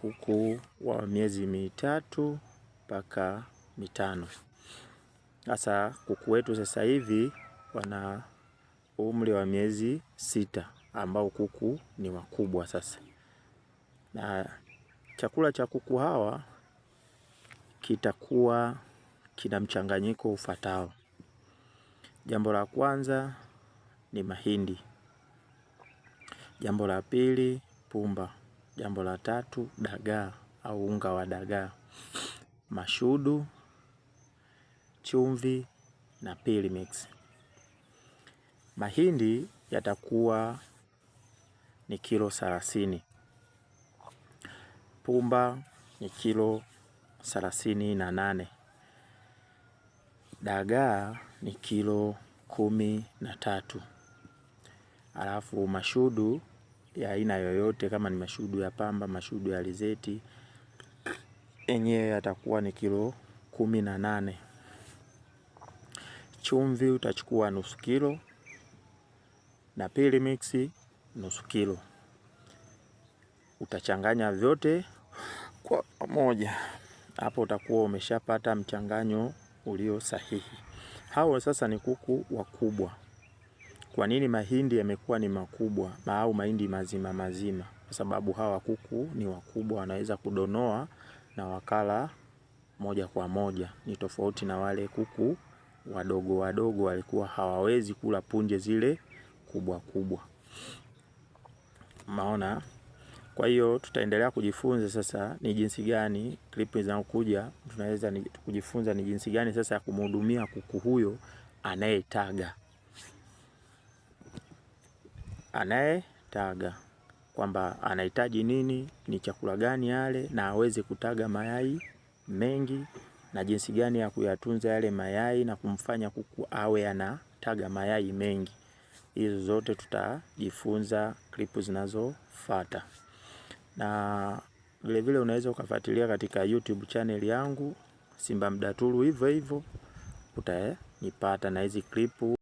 kuku wa miezi mitatu mpaka mitano. Sasa kuku wetu sasa hivi wana umri wa miezi sita ambao kuku ni wakubwa sasa, na chakula cha kuku hawa kitakuwa kina mchanganyiko ufuatao Jambo la kwanza ni mahindi, jambo la pili pumba, Jambo la tatu, dagaa au unga wa dagaa, mashudu, chumvi na pili mix. Mahindi yatakuwa ni kilo thelathini, pumba ni kilo thelathini na nane, dagaa ni kilo kumi na tatu, alafu mashudu ya aina yoyote, kama ni mashudu ya pamba, mashudu ya alizeti, yenyewe yatakuwa ni kilo kumi na nane. Chumvi utachukua nusu kilo na pili mix nusu kilo, utachanganya vyote kwa pamoja. Hapo utakuwa umeshapata mchanganyo ulio sahihi. Hao sasa ni kuku wakubwa. Kwa nini mahindi yamekuwa ni makubwa au mahindi mazima mazima? Kwa sababu hawa kuku ni wakubwa, wanaweza kudonoa na wakala moja kwa moja. Ni tofauti na wale kuku wadogo wadogo walikuwa hawawezi kula punje zile kubwa kubwa. Maona, Kwa hiyo tutaendelea kujifunza sasa ni jinsi gani klipu zinazokuja tunaweza kujifunza ni jinsi gani sasa ya kumhudumia kuku huyo anayetaga anayetaga kwamba anahitaji nini, ni chakula gani yale, na aweze kutaga mayai mengi na jinsi gani ya kuyatunza yale mayai na kumfanya kuku awe anataga mayai mengi. Hizo zote tutajifunza klipu zinazofuata, na vilevile unaweza ukafuatilia katika YouTube channel yangu Simba Mdaturu, hivyo hivyo utanipata na hizi klipu.